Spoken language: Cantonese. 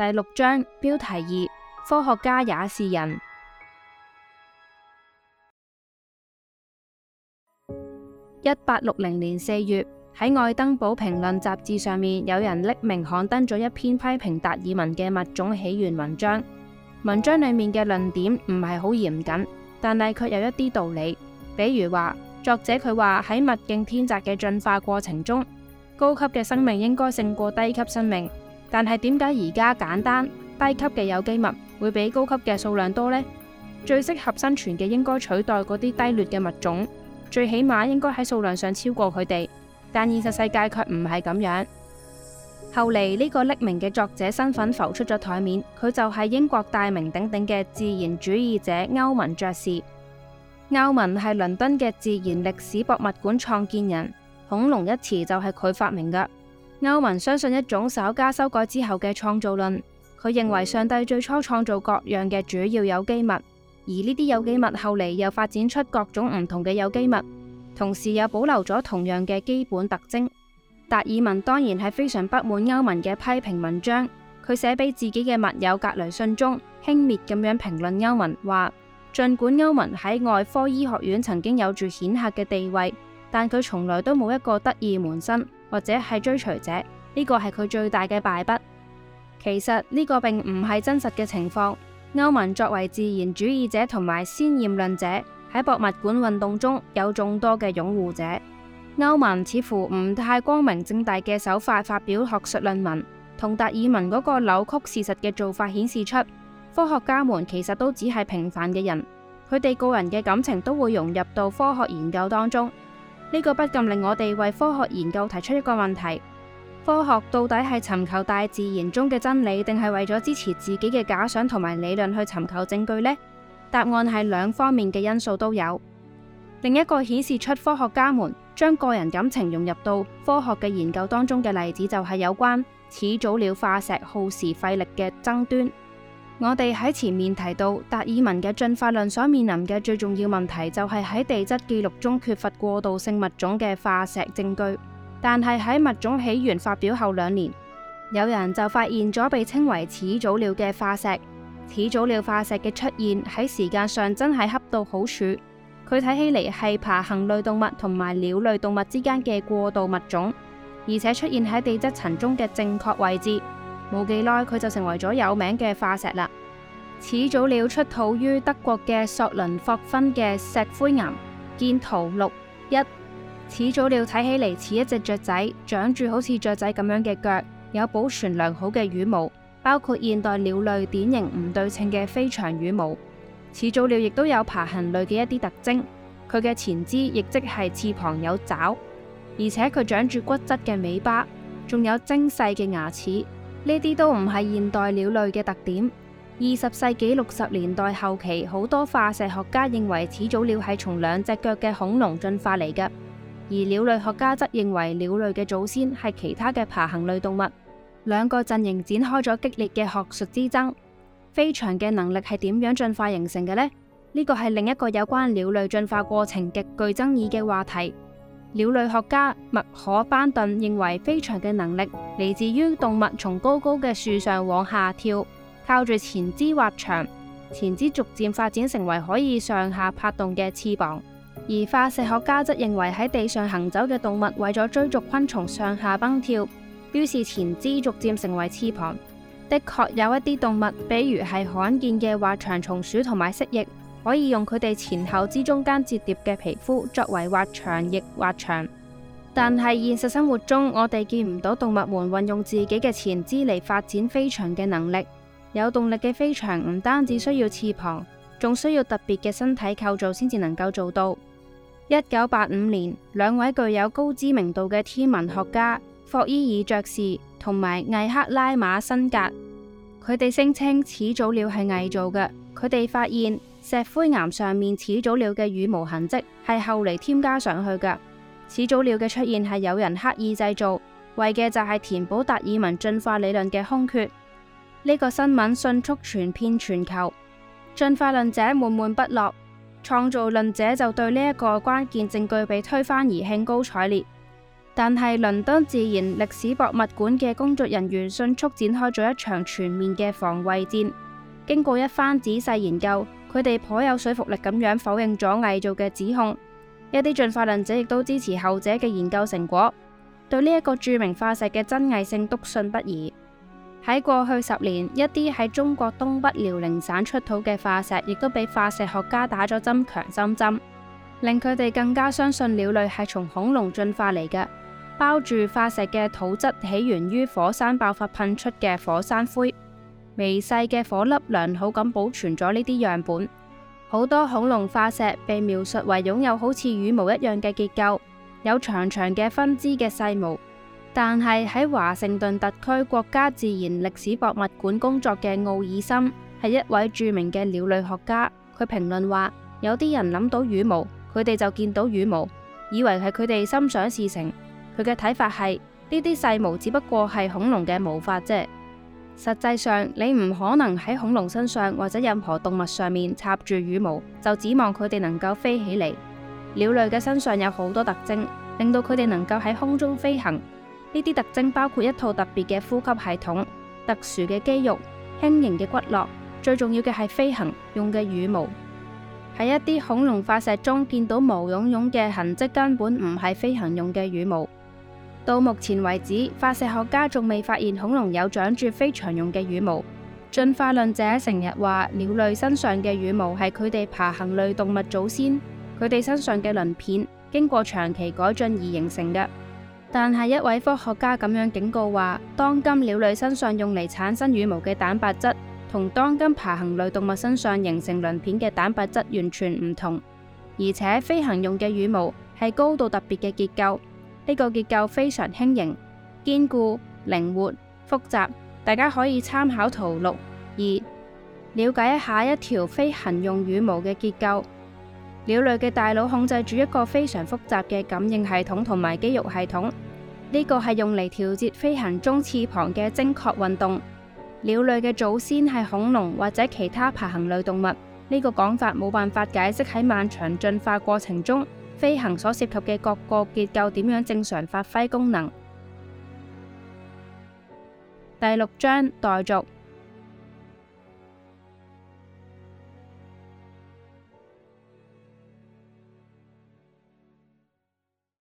第六章標題二：科學家也是人。一八六零年四月，喺愛丁堡評論雜誌上面，有人匿名刊登咗一篇批評達爾文嘅物種起源文章。文章裏面嘅論點唔係好嚴謹，但係卻有一啲道理。比如話，作者佢話喺物競天擇嘅進化過程中，高級嘅生命應該勝過低級生命。但係點解而家簡單低級嘅有機物會比高級嘅數量多呢？最適合生存嘅應該取代嗰啲低劣嘅物種，最起碼應該喺數量上超過佢哋。但現實世界卻唔係咁樣。後嚟呢個匿名嘅作者身份浮出咗台面，佢就係英國大名鼎鼎嘅自然主義者歐文爵士。歐文係倫敦嘅自然歷史博物館創建人，恐龍一詞就係佢發明噶。歐文相信一種稍加修改之後嘅創造論，佢認為上帝最初創造各樣嘅主要有機物，而呢啲有機物後嚟又發展出各種唔同嘅有機物，同時又保留咗同樣嘅基本特徵。達爾文當然係非常不滿歐文嘅批評文章，佢寫俾自己嘅密友格雷信中輕蔑咁樣評論歐文，話儘管歐文喺外科醫學院曾經有住顯赫嘅地位，但佢從來都冇一個得意門生。或者係追隨者，呢個係佢最大嘅敗筆。其實呢個並唔係真實嘅情況。歐文作為自然主義者同埋先驗論者，喺博物館運動中有眾多嘅擁護者。歐文似乎唔太光明正大嘅手法發表學術論文，同達爾文嗰個扭曲事實嘅做法顯示出科學家們其實都只係平凡嘅人，佢哋個人嘅感情都會融入到科學研究當中。呢個不禁令我哋為科學研究提出一個問題：科學到底係尋求大自然中嘅真理，定係為咗支持自己嘅假想同埋理論去尋求證據呢？答案係兩方面嘅因素都有。另一個顯示出科學家們將個人感情融入到科學嘅研究當中嘅例子，就係有關始祖鳥化石耗時費力嘅爭端。我哋喺前面提到達爾文嘅進化論所面臨嘅最重要問題就係喺地質記錄中缺乏過渡性物種嘅化石證據，但係喺物種起源發表後兩年，有人就發現咗被稱為始祖鳥嘅化石。始祖鳥化石嘅出現喺時間上真係恰到好處，佢睇起嚟係爬行類動物同埋鳥類動物之間嘅過渡物種，而且出現喺地質層中嘅正確位置。冇幾耐，佢就成為咗有名嘅化石啦。始祖鳥出土於德國嘅索倫霍芬嘅石灰岩，見圖六一。始祖鳥睇起嚟似一隻雀仔，長住好似雀仔咁樣嘅腳，有保存良好嘅羽毛，包括現代鳥類典型唔對稱嘅飛翔羽毛。始祖鳥亦都有爬行類嘅一啲特徵，佢嘅前肢亦即係翅膀有爪，而且佢長住骨質嘅尾巴，仲有精細嘅牙齒。呢啲都唔係現代鳥類嘅特點。二十世紀六十年代後期，好多化石學家認為始祖鳥係從兩隻腳嘅恐龍進化嚟嘅，而鳥類學家則認為鳥類嘅祖先係其他嘅爬行類動物。兩個陣營展開咗激烈嘅學術之爭。飛翔嘅能力係點樣進化形成嘅呢？呢個係另一個有關鳥類進化過程極具爭議嘅話題。鳥類學家麥可班頓認為飛翔嘅能力嚟自於動物從高高嘅樹上往下跳，靠住前肢滑翔，前肢逐漸發展成為可以上下拍動嘅翅膀；而化石學家則認為喺地上行走嘅動物為咗追逐昆蟲上下蹦跳，於是前肢逐漸成為翅膀。的確有一啲動物，比如係罕見嘅滑翔松鼠同埋蜥蜴。可以用佢哋前後肢中間折疊嘅皮膚作為滑翔翼滑翔，但係現實生活中，我哋見唔到動物們運用自己嘅前肢嚟發展飛翔嘅能力。有動力嘅飛翔唔單止需要翅膀，仲需要特別嘅身體構造先至能夠做到。一九八五年，兩位具有高知名度嘅天文學家霍伊爾爵士同埋艾克拉馬辛格，佢哋聲稱始祖鳥係偽造嘅。佢哋發現。石灰岩上面始祖鳥嘅羽毛痕迹係後嚟添加上去嘅。始祖鳥嘅出現係有人刻意製造，為嘅就係填補達爾文進化理論嘅空缺。呢、這個新聞迅速傳遍全球，進化論者悶悶不樂，創造論者就對呢一個關鍵證據被推翻而興高采烈。但係倫敦自然歷史博物館嘅工作人員迅速展開咗一場全面嘅防衛戰。經過一番仔細研究。佢哋頗有說服力咁樣否認咗偽造嘅指控，一啲進化論者亦都支持後者嘅研究成果，對呢一個著名化石嘅真偽性篤信不疑。喺過去十年，一啲喺中國東北遼寧省出土嘅化石，亦都俾化石學家打咗針強心針，令佢哋更加相信鳥類係從恐龍進化嚟嘅。包住化石嘅土質起源於火山爆發噴出嘅火山灰。微細嘅火粒良好咁保存咗呢啲樣本，好多恐龍化石被描述為擁有好似羽毛一樣嘅結構，有長長嘅分支嘅細毛。但係喺華盛頓特區國家自然歷史博物館工作嘅奧爾森係一位著名嘅鳥類學家，佢評論話：有啲人諗到羽毛，佢哋就見到羽毛，以為係佢哋心想事成。佢嘅睇法係呢啲細毛只不過係恐龍嘅毛發啫。實際上，你唔可能喺恐龍身上或者任何動物上面插住羽毛，就指望佢哋能夠飛起嚟。鳥類嘅身上有好多特徵，令到佢哋能夠喺空中飛行。呢啲特徵包括一套特別嘅呼吸系統、特殊嘅肌肉、輕盈嘅骨骼，最重要嘅係飛行用嘅羽毛。喺一啲恐龍化石中，見到毛茸茸嘅痕迹，根本唔係飛行用嘅羽毛。到目前為止，化石學家仲未發現恐龍有長住非常用嘅羽毛。進化論者成日話，鳥類身上嘅羽毛係佢哋爬行類動物祖先，佢哋身上嘅鱗片經過長期改進而形成嘅。但係一位科學家咁樣警告話，當今鳥類身上用嚟產生羽毛嘅蛋白質，同當今爬行類動物身上形成鱗片嘅蛋白質完全唔同，而且飛行用嘅羽毛係高度特別嘅結構。呢個結構非常輕盈、堅固、靈活、複雜，大家可以參考圖六二，了解一下一條飛行用羽毛嘅結構。鳥類嘅大腦控制住一個非常複雜嘅感應系統同埋肌肉系統，呢個係用嚟調節飛行中翅膀嘅精確運動。鳥類嘅祖先係恐龍或者其他爬行類動物，呢個講法冇辦法解釋喺漫長進化過程中，飛行所涉及嘅各個結構點樣正常發揮功能？第六章待續。